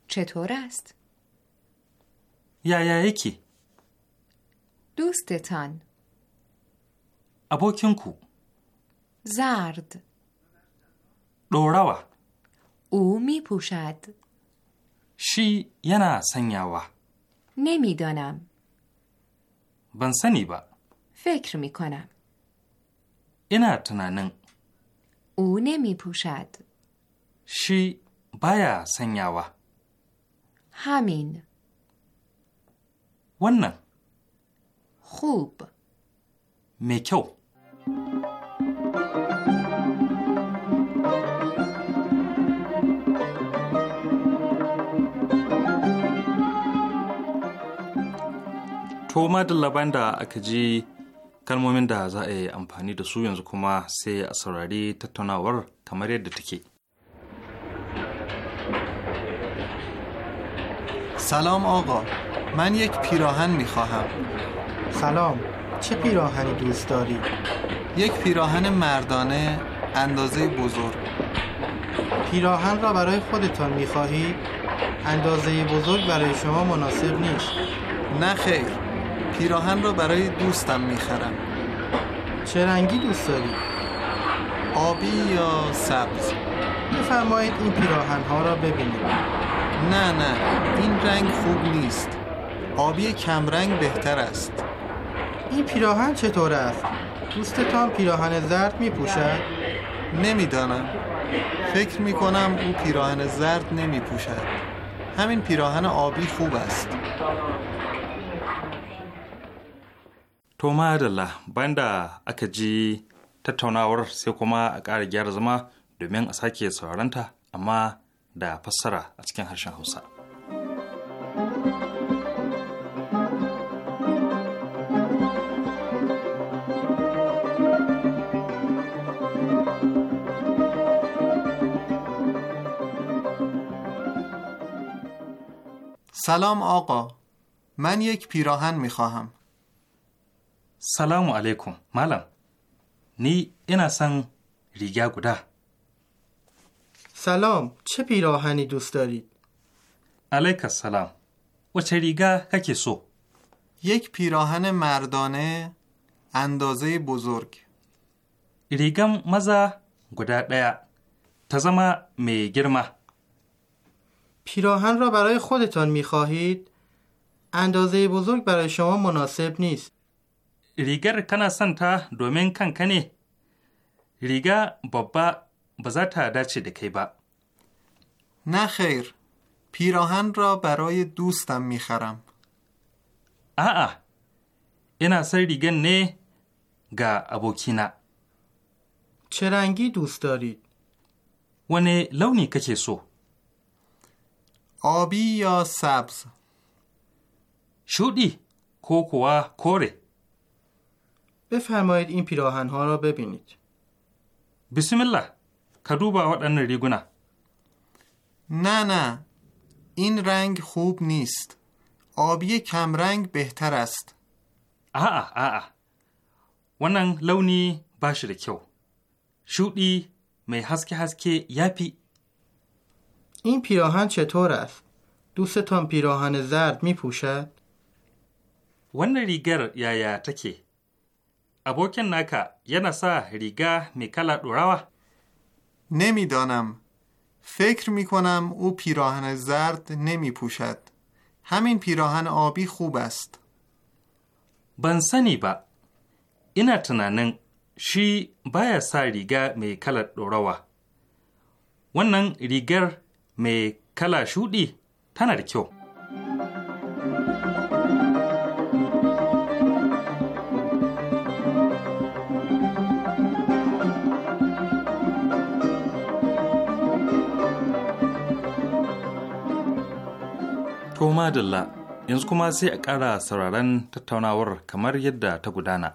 چطور است؟ یا یا یکی دوستتان ابوکینکو کنکو زرد دوراوا او می پوشد شی ینا سنیاوا نمیدانم بنسنی با فکر می کنم ina tunanin. Une mi pushad? Shi baya sanyawa. Hamin. Wannan. Hub. Mai kyau. To, Madalla, banda aka ji kalmomin da za a yi amfani da su yanzu سلام آقا من یک پیراهن میخواهم سلام چه پیراهنی دوست داری؟ یک پیراهن مردانه اندازه بزرگ پیراهن را برای خودتان می اندازه بزرگ برای شما مناسب نیست نه خیر پیراهن را برای دوستم میخرم چه رنگی دوست داری؟ آبی یا سبز بفرمایید این پیراهن ها را ببینید نه نه این رنگ خوب نیست آبی کمرنگ بهتر است این پیراهن چطور است؟ دوستتان پیراهن زرد می پوشد؟ نمیدانم فکر می کنم او پیراهن زرد نمی پوشد همین پیراهن آبی خوب است To madalla banda aka ji tattaunawar sai kuma a ƙara gyara zama domin a sake sauranta amma da fassara a cikin harshen Hausa. سلام آقا من یک پیراهن می خواهم. سلام علیکم ملم. نی انا سن ریگه گوده سلام چه پیراهنی دوست دارید؟ علیک سلام. و چه ریگه سو؟ یک پیراهن مردانه اندازه بزرگ ریگم مزه گوده دیا تزما می گرمه پیراهن را برای خودتان میخواهید؟ اندازه بزرگ برای شما مناسب نیست rigar kana son ta domin kanka ne riga babba ba za ta dace da kai ba na khair a'a ina son rigan ne ga abokina چه رنگی دوست دارید؟ ونه لونی کچه سو؟ آبی یا سبز؟ شودی کوکوا بفرمایید این ها را ببینید بسم الله کدوبا وطن ریگونا نه نه این رنگ خوب نیست آبی کمرنگ بهتر است آه آه آه ونن لونی لونی رکیو شودی می هسکی هسکی یپی این پیراهن چطور است؟ دوستتان پیراهن زرد می پوشد؟ ریگر یا یا abokin naka yana sa riga mai kala ɗorawa? نمیدانم فکر می کنم او پیراهن زرد نمی پوشد همین پیراهن آبی خوب است ban sani ba ina tunanin shi baya sa riga mai kalar ɗorawa wannan rigar mai kala shuɗi tana da kyau To madalla yanzu kuma sai a ƙara sauraron tattaunawar kamar yadda ta gudana.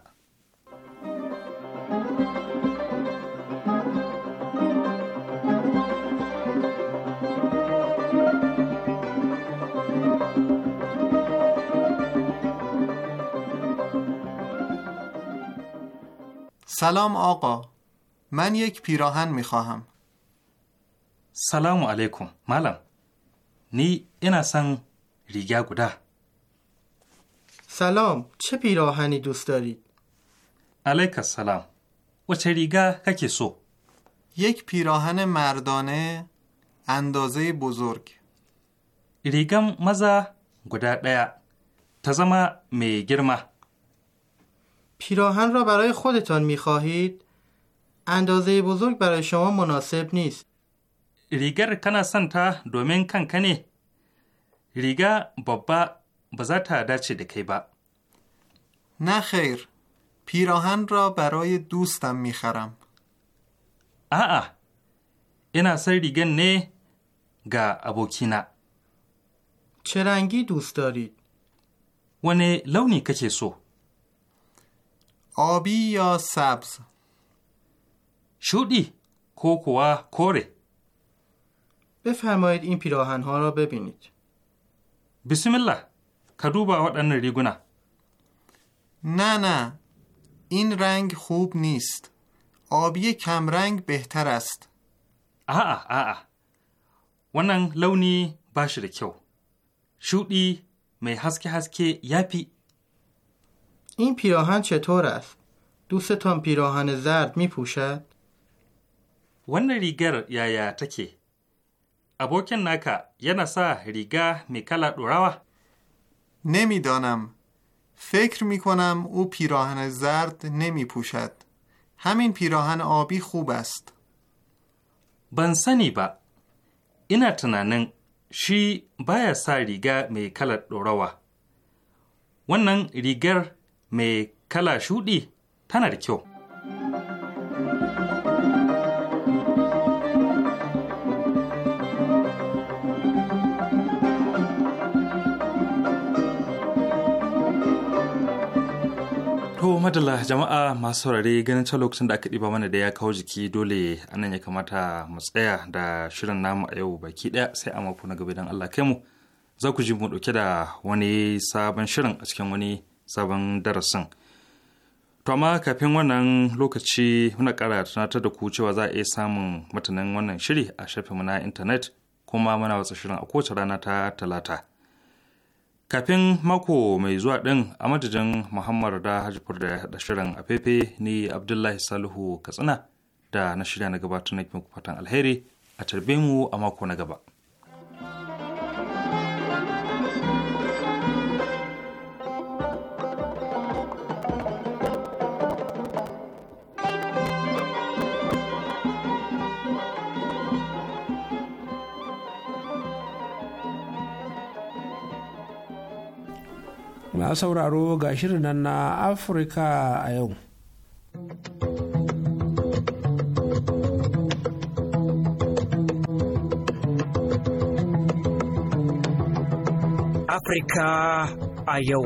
سلام آقا من یک پیراهن می خواهم سلام علیکم ملم نی اینا سن ریگه گوده سلام چه پیراهنی دوست دارید؟ علیک السلام و چه ریگه هکی سو؟ یک پیراهن مردانه اندازه بزرگ ریگم مزه گوده دیا تزمه می گرما پیراهن را برای خودتان می خواهید؟ اندازه بزرگ برای شما مناسب نیست. ریگر کنا سنتا دومین کنی. ریگه بابا به تا دچه با نه خیر پیراهن را برای دوستم میخرم آه اینا سر ریگه نه گا ابوکینا چه رنگی دوست دارید؟ ونه لونی کچه سو آبی یا سبز شودی کوکوا کوره بفرمایید این پیراهن ها را ببینید بسم الله، که روبه آتن ریگونه؟ نه نه، این رنگ خوب نیست. آبی کم رنگ بهتر است. آه آه، آه آه، وننگ لونی باشه می شدی، میه هزکه این پیراهن چطور است؟ دوستتان پیراهن زرد میپوشد؟ ون ریگر یا یا abokin naka yana sa riga mai kala ɗorawa? نمیدانم فکر می کنم او پیراهن زرد نمی پوشد همین پیراهن آبی ban sani ba ina tunanin shi baya sa riga mai kalar ɗorawa wannan rigar mai kala shuɗi tana da kyau madalla jama'a masu saurare ganin can lokacin da aka ɗiba mana da ya kawo jiki dole anan ya kamata mu tsaya da shirin namu a yau baki ɗaya sai a mako na gaba idan Allah kai mu za ku ji mu ɗauke da wani sabon shirin a cikin wani sabon darasin. To amma kafin wannan lokaci muna ƙara tunatar da ku cewa za a iya samun mutanen wannan shiri a shafinmu na intanet kuma muna watsa shirin a kowace rana ta talata. kafin mako mai zuwa ɗin a madadin muhammadu da hajjifar da haɗa shirin a fefe ni abdullahi salihu katsina da na shirya na gabatar na fatan alheri a tarbe mu a mako na gaba. Na sauraro ga shirin nan na afirka a yau afirka a yau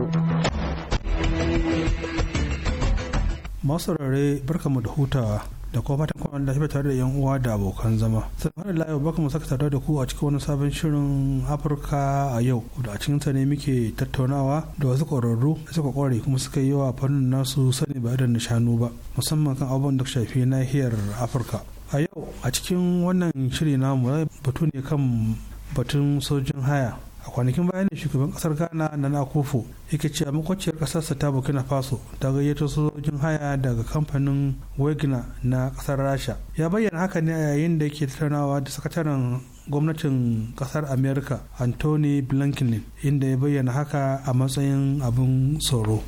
masu rare barkamu da hutawa da kuma matan kwanan lafiya tare da yan uwa da abokan zama. Sannan da baka musaka tare da ku a cikin wani sabon shirin Afirka a yau da a cikin ne muke tattaunawa da wasu ƙwararru da suka ƙware kuma suka yi wa fannin nasu sani ba idan nishanu ba musamman kan abubuwan da shafi nahiyar Afirka. A yau a cikin wannan shiri namu batu ne kan batun sojin haya a kwanakin baya ne shugaban kasar ghana na nakofo yake cewa makwacciyar kasarsa ta burkina faso ta gayyato sojojin haya daga kamfanin wagner na kasar rasha ya bayyana haka ne a yayin da yake tattaunawa da sakataren gwamnatin kasar america anthony blinken inda ya bayyana haka a matsayin abin tsoro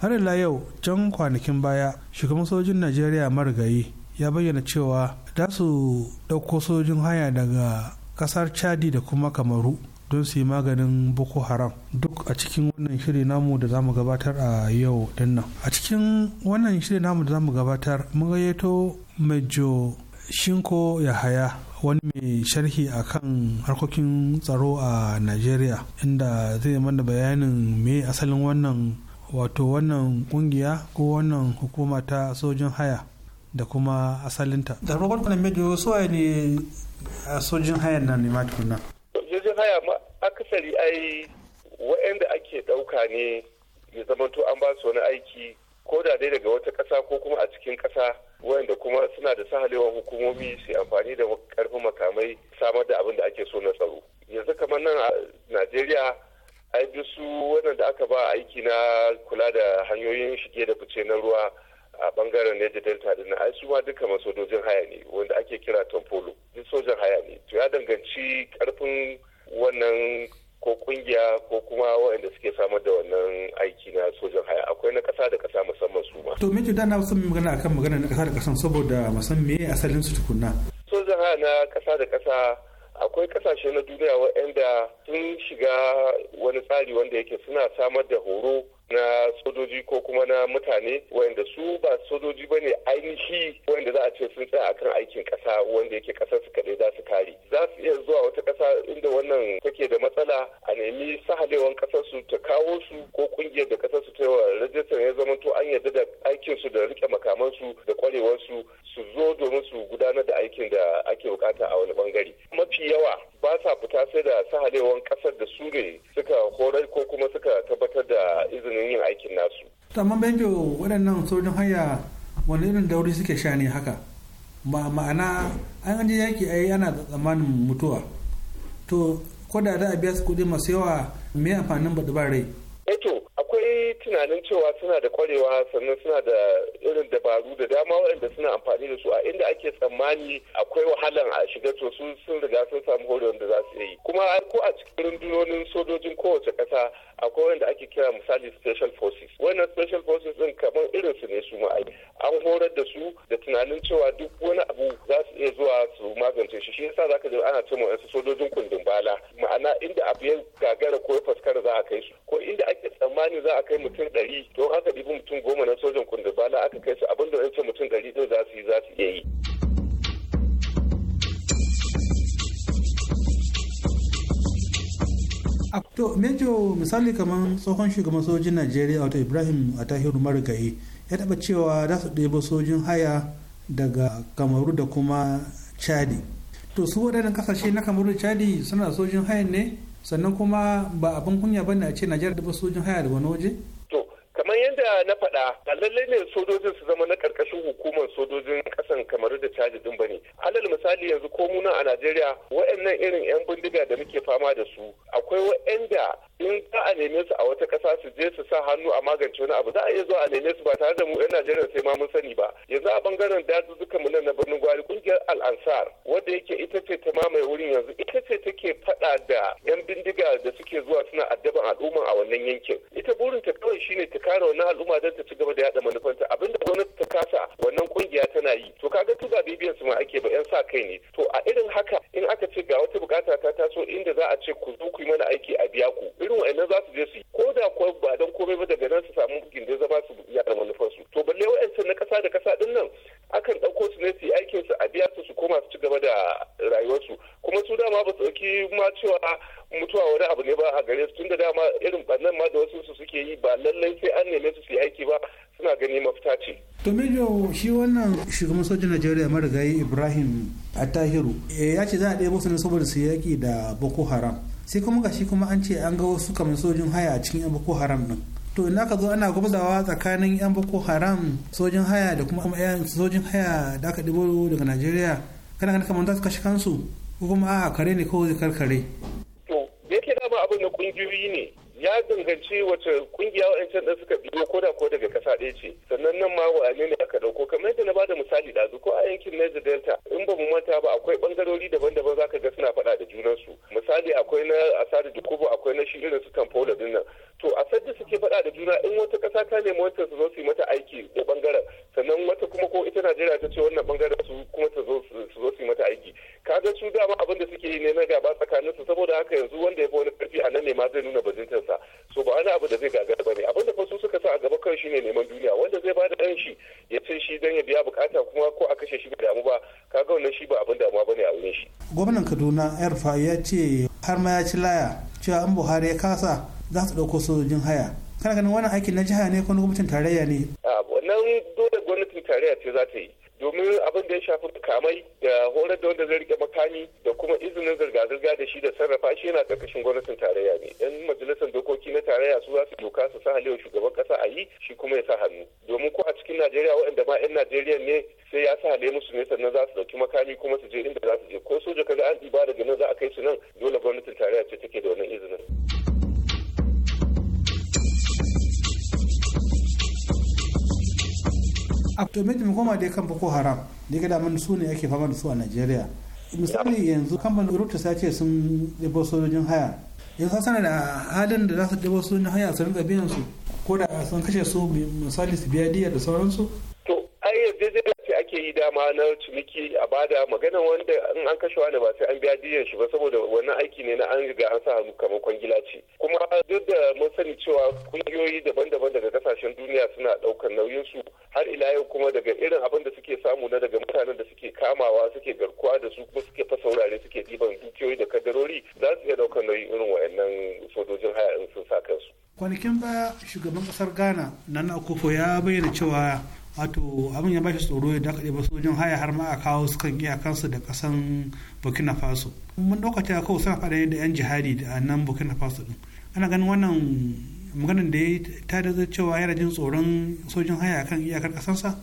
har ila yau can kwanakin baya shugaban sojin najeriya marigayi ya bayyana cewa za su ɗauko sojin haya daga ƙasar chadi da kuma kamaru don su yi maganin boko haram duk a cikin wannan shiri namu da zamu gabatar a yau dinnan a cikin wannan shiri namu da zamu gabatar mun gayyato mejo shinko yahaya wani mai sharhi a kan harkokin tsaro a nigeria inda zai mana bayanin me asalin wannan wato wannan kungiya ko wannan hukuma ta sojin haya da kuma asalinta da farkon kuna mejo su waye ne a sojin hayan nan ne mati kuna? sojin haya ma akasari ai waɗanda ake ɗauka ne ya zamanto an ba su wani aiki ko da dai daga wata ƙasa ko kuma a cikin ƙasa wayanda kuma suna da sahalewa hukumomi su amfani da karfin makamai samar da abin da ake so na tsaro yanzu kamar nan a najeriya ai duk su waɗanda aka ba aiki na kula da hanyoyin shige da fice na ruwa a bangaren Niger Delta din ai su ma duka sojojin haya ne wanda ake kira tamfolo duk sojan haya ne to ya danganci karfin wannan ko kungiya ko kuma waɗanda suke samar da wannan aiki na sojan haya akwai na ƙasa da ƙasa musamman su ma. To da na son magana akan magana na ƙasa da ƙasa saboda musan me asalin su tukunna. Sojan haya na ƙasa da ƙasa akwai ƙasashe na duniya waɗanda sun shiga wani tsari wanda yake suna samar da horo na sojoji ko kuma na mutane wanda su ba sojoji ba ne ainihi wanda za a ce sun tsaya akan aikin kasa wanda yake kasar su kaɗai za su kare za su iya zuwa wata kasa inda wannan take da matsala a nemi sahalewan kasar su ta kawo su ko kungiyar da kasar su ta yawa rajistar ya zama to an yarda da aikin su da rike makaman su da kwarewar su su zo domin su gudanar da aikin da ake bukata a wani bangare mafi yawa ba sa fita sai da sahalewan kasar da su ne suka horar ko kuma suka tabbatar da izinin hanyoyin yin aikin nasu. Benjo waɗannan sojin haya wani irin dauri suke sha ne haka ba ma'ana an ji yaki a ana tsammanin mutuwa to ko da za a biya su kuɗi masu yawa me amfanin baɗi ba rai. eto eh akwai tunanin cewa suna da kwarewa sannan suna da irin dabaru da dama waɗanda suna amfani da su a inda ake tsammani akwai wahalan a shiga to su sun riga sun samu horon da za su yi kuma ko a cikin rundunonin sojojin kowace ƙasa akwai wanda ake kira misali special forces wannan special forces din kamar irin su ne su ma'ai an horar da su da tunanin cewa duk wani abu za su iya zuwa su magance shi shi yasa ka ji ana ma wasu sojojin kundin bala ma'ana inda abu ya gagara ko ya faskara za a kai su ko inda ake tsammani ne za a kai mutum ɗari to haka dubu mutum goma na sojan kundubala aka kai su abin da wancan mutum ɗari ɗin za su yi za su iya yi. to mejo misali kamar tsohon shugaban sojin najeriya wato ibrahim a tahiru marigayi ya taba cewa za su ɗebo sojin haya daga kamaru da kuma chadi to su waɗannan kasashe na kamaru da chadi suna sojin hayan ne sannan kuma ba abin kunya bane a ce najeriya da sojin haya da wani waje kamar yadda na faɗa a lallai ne sojojin su zama na karkashin hukumar sojojin ƙasan kamar da caji din ne alal misali yanzu ko muna a najeriya waɗannan irin 'yan bindiga da muke fama da su akwai waɗanda in za a neme su a wata ƙasa su je su sa hannu a magance wani abu za a iya zuwa a neme su ba tare da mu 'yan najeriya sai ma mun sani ba yanzu a bangaren dazuzzuka mu nan na birnin gwari kungiyar al'ansar wadda yake ita ce ta mamaye wurin yanzu ita ce take faɗa da 'yan bindiga da suke zuwa suna addaban al'umma a wannan yankin ita burin ta kawai shine ta kare wannan al'umma don ta ci gaba da yada manufanta abinda gwamnati ta kasa wannan kungiya tana yi to kaga tu ba bibiyan su ma ake ba yan sa kai ne to a irin haka in aka ce ga wata bukata ta taso inda za a ce ku zo ku yi mana aiki a biya ku irin wa'annan za su je su yi ko da kuwa ba don komai ba daga nan su samu da zama su yada manufansu to balle wa'ancan na kasa da kasa din nan akan ɗauko su ne su yi aikin su a biya su su koma su ci gaba da rayuwarsu kuma su dama ba su ɗauki ma cewa mutuwa wani abu ne ba a gare su tun da dama irin ɓannan ma da wasu su suke yi ba lallai sai an neme su su yi aiki ba suna gani mafita ce. to shi wannan shugaban sojin najeriya marigayi ibrahim attahiru eh, ya ce za a ɗaya su ne saboda su yaƙi da boko haram sai kuma ga shi kuma an ce an ga wasu kamar sojin haya a cikin yan boko haram din to ina ka zo ana gwabzawa tsakanin yan boko haram sojin haya da kuma sojin haya da aka ɗibo daga najeriya kana ganin kamar za su kashe kansu ko kuma a kare ne ko zikar karkare to da yake dama abin da kungiyoyi ne ya danganci wace kungiya wa'ancan da suka biyo ko da ko daga kasa ɗaya ce sannan nan ma wa'ane ne aka ɗauko kamar yadda na bada misali da ko a yankin Niger Delta in ba mu manta ba akwai bangarori daban-daban za ka ga suna faɗa da su misali akwai na Asadu Dukubu akwai na shi irin su Tampola din nan to a sadda suke faɗa da juna in wata ƙasa ta nemi wata su zo su yi mata aiki da ɓangaren sannan wata kuma ko ita najeriya ta ce wannan ɓangaren su kuma ta zo su zo su yi mata aiki ka kaga su dama abin da suke yi ne na gaba tsakanin su saboda haka yanzu wanda ya fi wani ƙarfi a nan ne ma zai nuna bajintarsa so ba wani abu da zai gagara ba ne abin da fasu su suka sa a gaba kan shi ne neman duniya wanda zai bada ɗan shi ya ce shi dan ya biya bukata kuma ko a kashe shi bai damu ba kaga wannan shi ba abin damuwa ne a wurin shi gwamnan kaduna yarfa ya ce har ma ya ci laya cewa an buhari ya kasa za su ɗauko sojojin haya kana ganin wannan aikin na jiha ne ko na gwamnatin tarayya ne wannan dole gwamnatin tarayya ce za ta yi domin abin da ya shafi kamai da horar da wanda zai rike makami da kuma izinin zirga-zirga da shi da sarrafa shi yana ƙarƙashin gwamnatin tarayya ne yan majalisar dokoki na tarayya su za su doka su sa halewa shugaban ƙasa a yi shi kuma ya sa hannu domin ko a cikin najeriya waɗanda ma yan najeriya ne sai ya sa halewa musu ne sannan za su ɗauki makami kuma su je inda za su je ko soja kaga an ɗiba daga nan za a kai su nan dole gwamnatin tarayya ce take da wannan izinin to me mu koma dai kan boko haram da ga daman su ne ake fama da su a Najeriya misali yanzu kamfanin rubuta sa ce sun debo sojojin haya yanzu sanar da halin da za su debo sojojin haya su rinka biyan su ko da sun kashe su misali su biya diya da sauransu dama na ciniki a bada magana wanda in an kashe wani ba sai an biya diyan shi ba saboda wannan aiki ne na an riga an sa hannu kamar kwangila ce kuma duk da mun sani cewa kungiyoyi daban-daban daga kasashen duniya suna daukar nauyin su har ila yau kuma daga irin abin da suke samu na daga mutanen da suke kamawa suke garkuwa da su kuma suke fasa wurare suke ɗiban dukiyoyi da kadarori za su iya daukar nauyi irin wa'annan sojojin haya in sun sa kansu kwanakin baya shugaban kasar ghana nana akufo ya bayyana cewa wato abin ya bashi tsoro ya dakaɗe ba sojin haya har ma a kawo su kan iyakansu da kasan burkina faso mun ɗauka a kawai suna faɗa da yan jihadi a nan burkina faso ɗin ana ganin wannan maganin da ya ta da cewa yana jin tsoron sojin haya kan iyakar kasansa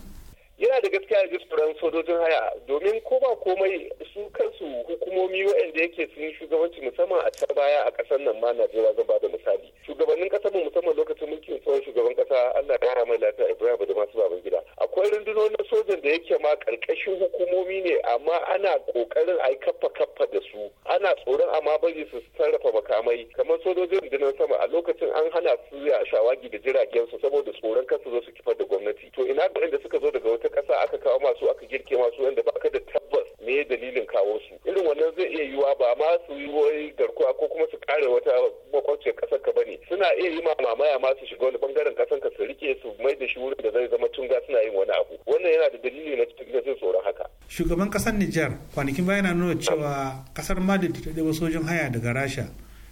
yana da gaskiya ji tsoron sojojin haya domin ko ba komai su kansu hukumomi waɗanda yake sun shugabanci musamman a can baya a ƙasar nan ma najeriya zan ba da misali shugabannin kasar mu musamman lokacin mulkin tsohon shugaban ƙasa allah ya mai lafiya ibrahim da masu baban gida akwai rundunonin sojan da yake ma karkashin hukumomi ne amma ana kokarin a yi kaffa kaffa da su ana tsoron amma bari su sarrafa makamai kamar sojojin rundunar sama a lokacin an hana su ya shawagi da jiragen su saboda tsoron kansu zo su kifar da gwamnati to ina ga inda suka zo daga wata kasa aka kawo masu aka girke masu wanda ba ka da tabbas me dalilin kawo su irin wannan zai iya yiwuwa ba ma su yi wai garkuwa ko kuma su kare wata makwabciyar kasar ka bane suna iya yi mamaya ma su shiga wani bangaren kasar ka su rike su mai da shi wurin da zai zama tunga suna yin wani abu wannan yana da dalili na jin tsoron haka shugaban kasar Nijar kwanakin baya na nuna cewa kasar Mali ta ɗaya sojin haya daga Rasha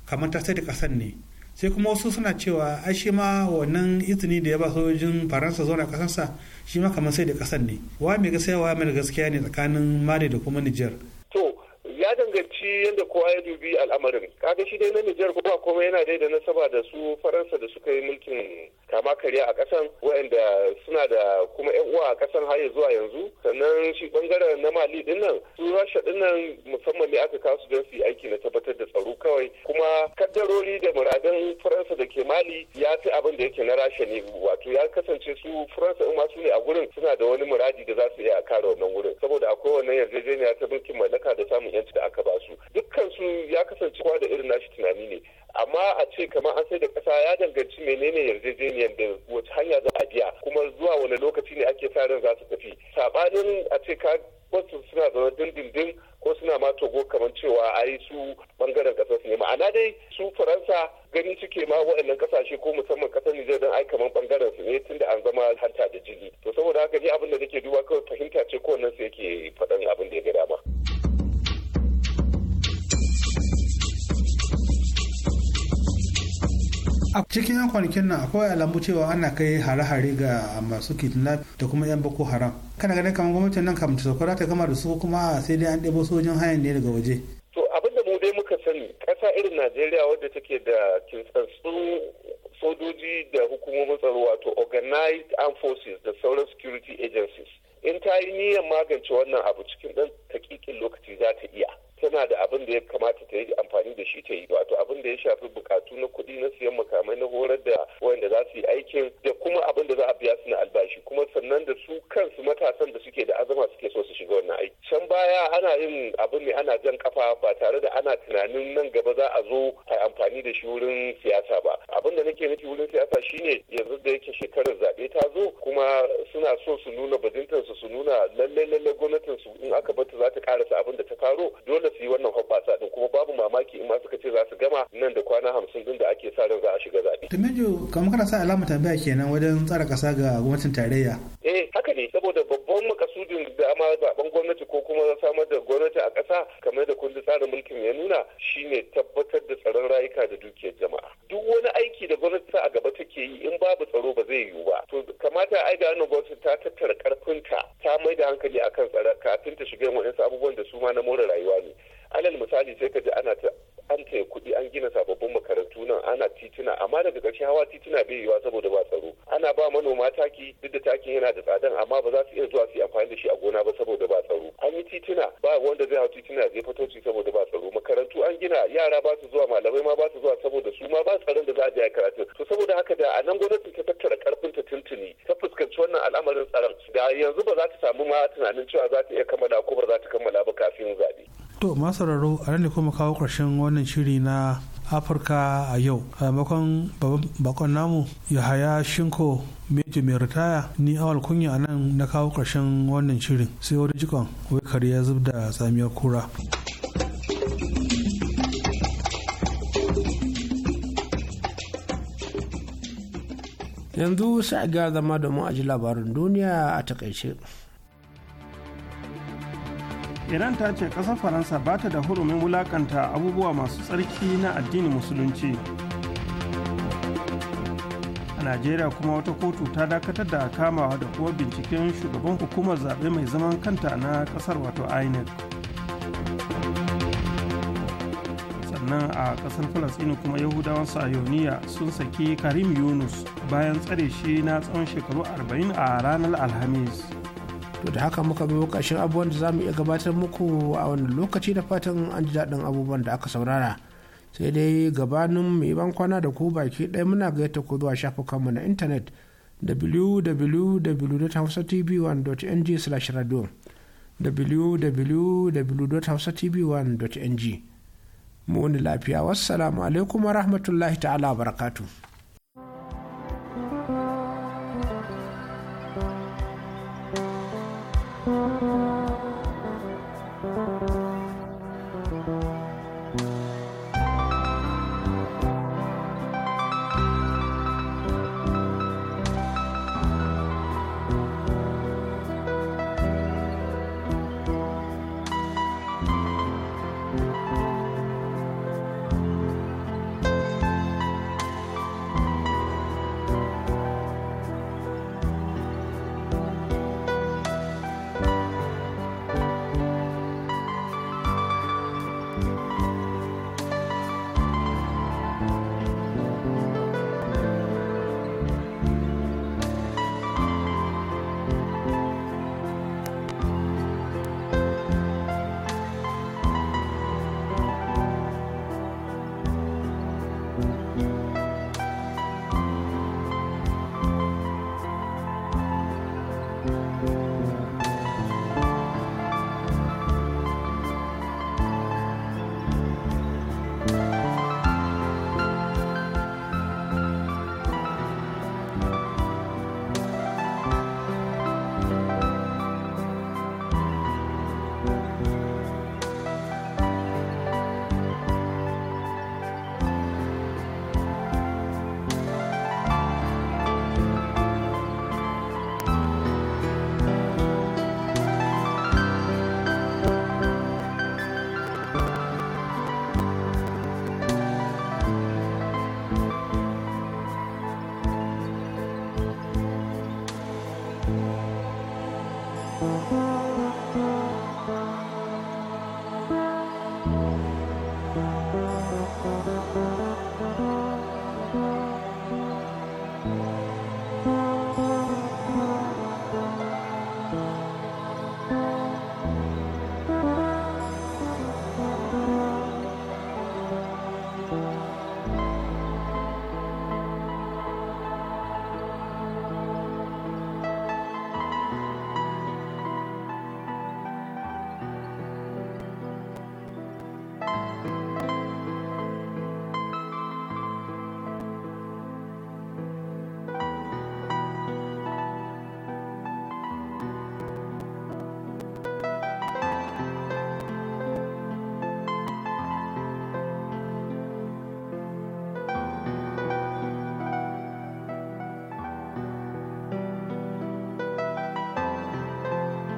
kamar ta sai da kasar ne sai kuma wasu suna cewa ai shi ma wannan izini da ya ba sojojin faransa zauna kasansa shi ma kamar sai da kasan ne wa mai gaskiya wa mai gaskiya ne tsakanin mali da kuma niger to ya danganci yadda kowa ya dubi al'amarin kaga shi dai na niger ko ba komai yana dai da nasaba da su faransa da suka yi mulkin kama karya a kasan waɗanda suna da kuma yan uwa a kasan har zuwa yanzu sannan shi bangaren na mali dinnan su rasha dinnan musamman ne aka kasu don su yi aiki na tabbatar da tsaro kawai kuma kaddarori da muradan faransa da ke mali ya fi abin da yake na rasha ne wato ya kasance su faransa in masu ne a gurin suna da wani muradi da za su iya kare wannan gurin saboda akwai wannan yarjejeniya ta mulkin mallaka da samun yanci da aka ba su dukkan su ya kasance kowa da irin nashi tunani ne amma a ce kamar an sai da kasa ya danganci menene yarjejeniyar da wace hanya za a biya kuma zuwa wani lokaci ne ake sa ran za su tafi sabanin a ce ka wasu suna zama dindindin ko suna ma togo kamar cewa a yi su bangaren kasar su ne ma'ana dai su faransa gani suke ma waɗannan kasashe ko musamman kasar nijar don ai kamar bangaren su ne tunda an zama hanta da jini to saboda haka ni abin da nake duba kawai fahimta ce ko wannan su yake faɗan abin da ya ga dama. a cikin yan kwanakin nan akwai alamu cewa ana kai hare-hare ga masu kidnap da kuma yan boko haram kana ganin kamar gwamnatin nan kamar ta sauka za ta gama da su kuma sai dai an ɗebo sojin hayan ne daga waje to abin da mu dai muka sani ƙasa irin najeriya wadda take da kintsatsun sojoji da hukumomin tsaro wato organized armed forces da sauran security agencies in ta yi niyyar magance wannan abu cikin ɗan takikin lokaci za ta iya tana da abin da ya kamata ta yi amfani da shi ta yi wato abin da ya shafi bukatu na kuɗi na siyan makamai na horar da wanda za su yi aikin da kuma abin da za a biya su na albashi kuma sannan da su kansu matasan da suke da azama suke so su shiga wannan aiki can baya ana yin abin ne ana jan kafa ba tare da ana tunanin nan gaba za a zo a amfani da shi wurin siyasa ba abin da nake nufi wurin siyasa shine yanzu da yake shekarar zaɓe ta zo kuma suna so su nuna bajintansu su nuna lallai lallai gwamnatinsu in aka bata za ta karasa abin da ta faro dole su yi wannan hoɓɓasa din kuma babu mamaki in ma suka ce za su gama nan da kwana hamsin din da ake sa ran za a shiga zaɓe. Tumejo kamar kana sa alama tambaya kenan wajen tsara ƙasa ga gwamnatin tarayya. Eh haka ne saboda babban makasudin da ma zaɓen gwamnati ko kuma samar da gwamnati a ƙasa kamar da kundin tsarin mulkin ya nuna shine tabbatar da tsaron rayuka da dukiyar jama'a. Duk wani aiki da gwamnati a gaba take yi in babu tsaro ba zai yiwu ba. To kamata ai da wannan gwamnati ta tattara ƙarfinta ta mai da hankali akan tsara kafin ta shiga waɗansu abubuwan da su ma na more rayuwa ne. alal misali sai ka ji ana ta an taya kuɗi an gina sababbin makarantu nan ana tituna amma daga ƙarshe hawa tituna bai yiwa saboda ba tsaro ana ba manoma taki duk da takin yana da tsadan amma ba za su iya zuwa su yi amfani da shi a gona ba saboda ba tsaro an yi tituna ba wanda zai hau tituna zai fito ci saboda ba tsaro makarantu an gina yara ba su zuwa malamai ma ba su zuwa saboda su ma ba tsaron da za a je a karatu to saboda haka da a nan gwamnati ta tattara karfin ta tuntuni ta fuskanci wannan al'amarin tsaron da yanzu ba za ta samu ma tunanin cewa za ta iya kammala ko ba za ta kammala ba kafin zaɓe. to masararo a nan kuma kawo ƙarshen wannan shiri na afirka a yau a maimakon bakon namu yahaya shinko meji mai ritaya ni awal kunya a nan na kawo ƙarshen wannan shirin sai wani jikon wai kare ya zub da samiyar kura yanzu sai ga zama domin aji labarin duniya a takaice iran ta ce ƙasar faransa ba ta da hurumin wulakanta abubuwa masu tsarki na addini musulunci a najeriya kuma wata kotu ta dakatar da kamawa da kuma binciken shugaban hukumar zaɓe mai zaman kanta na ƙasar wato inec sannan a ƙasar falasini kuma yahudawan sayoniya sun saki karim yunus bayan tsare shi na tsawon shekaru 40 a ranar alhamis to da haka muka biyo ƙarshen abubuwan da za mu iya gabatar muku a wani lokaci da fatan an ji daɗin abubuwan da aka saurara sai dai gabanin mu ban kwana da ku baki ɗaya muna gayyata ku zuwa shafukanmu na intanet www.hausatv1.ng slash radio www.hausatv1.ng mu wani lafiya wassalamu alaikum wa rahmatullahi ta'ala barakatu.